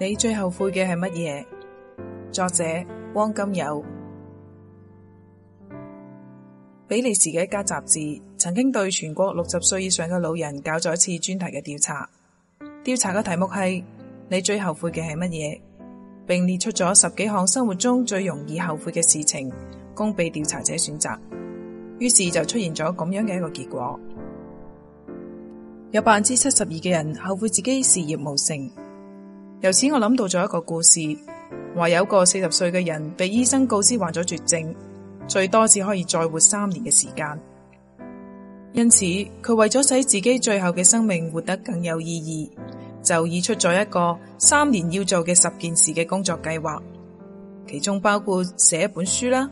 你最後悔嘅係乜嘢？作者汪金友，比利時嘅一家雜誌曾經對全國六十歲以上嘅老人搞咗一次專題嘅調查，調查嘅題目係你最後悔嘅係乜嘢，並列出咗十幾項生活中最容易後悔嘅事情供被調查者選擇。於是就出現咗咁樣嘅一個結果，有百分之七十二嘅人後悔自己事業無成。由此我諗到咗一個故事，話有個四十歲嘅人被醫生告知患咗絕症，最多只可以再活三年嘅時間。因此，佢為咗使自己最後嘅生命活得更有意義，就擬出咗一個三年要做嘅十件事嘅工作計劃，其中包括寫一本書啦，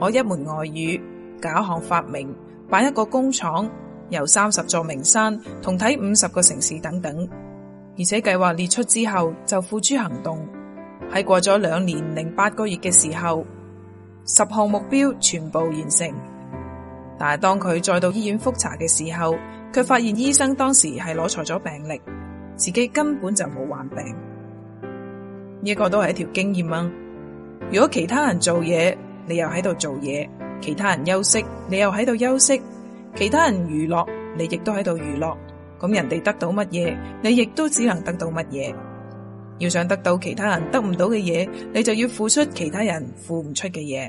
學一門外語，搞一項發明，辦一個工廠，遊三十座名山，同睇五十個城市等等。而且計劃列出之後就付諸行動。喺過咗兩年零八個月嘅時候，十項目標全部完成。但係當佢再到醫院複查嘅時候，卻發現醫生當時係攞錯咗病歷，自己根本就冇患病。呢一個都係一條經驗啊！如果其他人做嘢，你又喺度做嘢；其他人休息，你又喺度休息；其他人娛樂，你亦都喺度娛樂。咁人哋得到乜嘢，你亦都只能得到乜嘢。要想得到其他人得唔到嘅嘢，你就要付出其他人付唔出嘅嘢。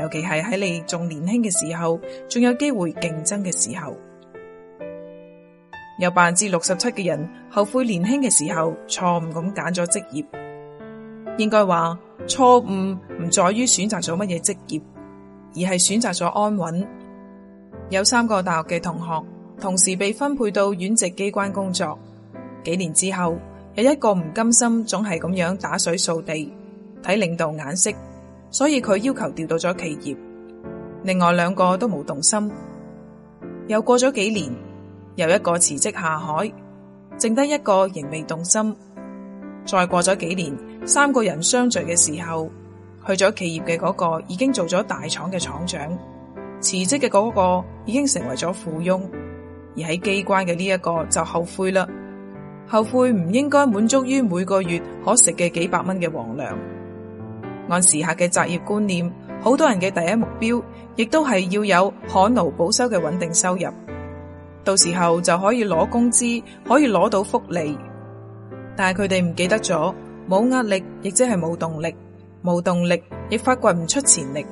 尤其係喺你仲年輕嘅時候，仲有機會競爭嘅時候，有百分之六十七嘅人後悔年輕嘅時候錯誤咁揀咗職業。應該話錯誤唔在於選擇咗乜嘢職業，而係選擇咗安穩。有三個大學嘅同學。同時被分配到縣直機關工作。幾年之後，有一個唔甘心，總係咁樣打水掃地，睇領導眼色，所以佢要求調到咗企業。另外兩個都冇動心。又過咗幾年，又一個辭職下海，剩得一個仍未動心。再過咗幾年，三個人相聚嘅時候，去咗企業嘅嗰個已經做咗大廠嘅廠長，辭職嘅嗰個已經成為咗富翁。而喺機關嘅呢一個就後悔啦，後悔唔應該滿足於每個月可食嘅幾百蚊嘅皇糧。按時下嘅擇業觀念，好多人嘅第一目標，亦都係要有可勞保收嘅穩定收入，到時候就可以攞工資，可以攞到福利。但係佢哋唔記得咗，冇壓力亦即係冇動力，冇動力亦發掘唔出潛力。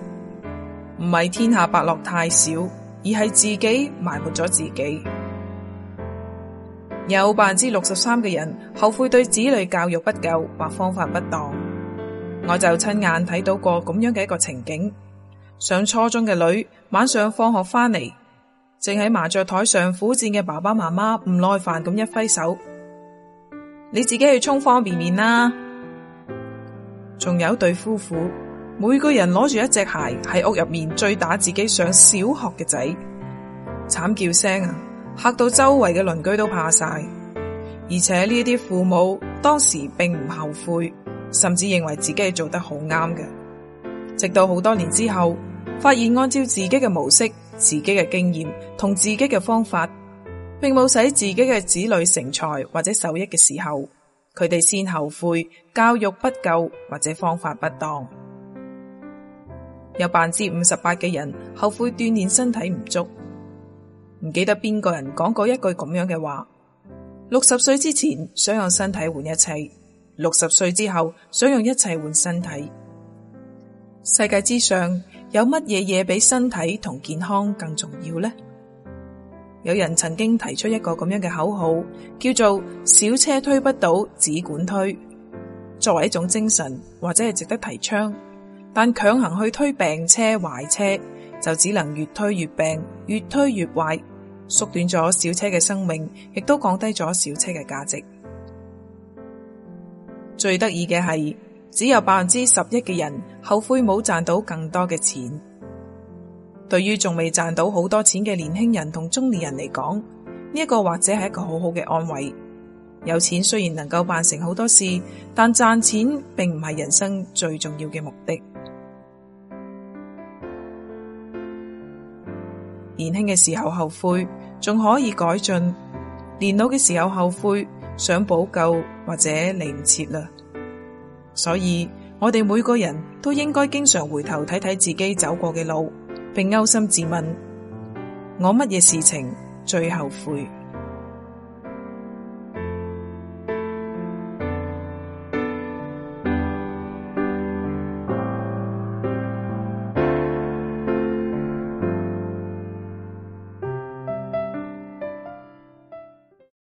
唔係天下伯樂太少，而係自己埋沒咗自己。有百分之六十三嘅人後悔對子女教育不夠或方法不當，我就親眼睇到過咁樣嘅一個情景：上初中嘅女晚上放學翻嚟，正喺麻雀台上苦戰嘅爸爸媽媽唔耐煩咁一揮手：你自己去沖方便麵啦！仲有一對夫婦，每個人攞住一隻鞋喺屋入面追打自己上小學嘅仔，慘叫聲啊！嚇到周圍嘅鄰居都怕晒，而且呢啲父母當時並唔後悔，甚至認為自己係做得好啱嘅。直到好多年之後，發現按照自己嘅模式、自己嘅經驗同自己嘅方法，並冇使自己嘅子女成才或者受益嘅時候，佢哋先後悔教育不夠或者方法不當。有百分之五十八嘅人後悔鍛煉身體唔足。唔記得邊個人講過一句咁樣嘅話：六十歲之前想用身體換一切，六十歲之後想用一切換身體。世界之上有乜嘢嘢比身體同健康更重要呢？有人曾經提出一個咁樣嘅口號，叫做“小車推不倒，只管推”。作為一種精神或者係值得提倡，但強行去推病車、壞車，就只能越推越病，越推越壞。縮短咗小車嘅生命，亦都降低咗小車嘅價值。最得意嘅係，只有百分之十一嘅人後悔冇賺到更多嘅錢。對於仲未賺到好多錢嘅年輕人同中年人嚟講，呢一個或者係一個好好嘅安慰。有錢雖然能夠辦成好多事，但賺錢並唔係人生最重要嘅目的。年輕嘅時候後悔，仲可以改進；年老嘅時候後悔，想補救或者嚟唔切啦。所以我哋每個人都應該經常回頭睇睇自己走過嘅路，並勾心自問：我乜嘢事情最後悔？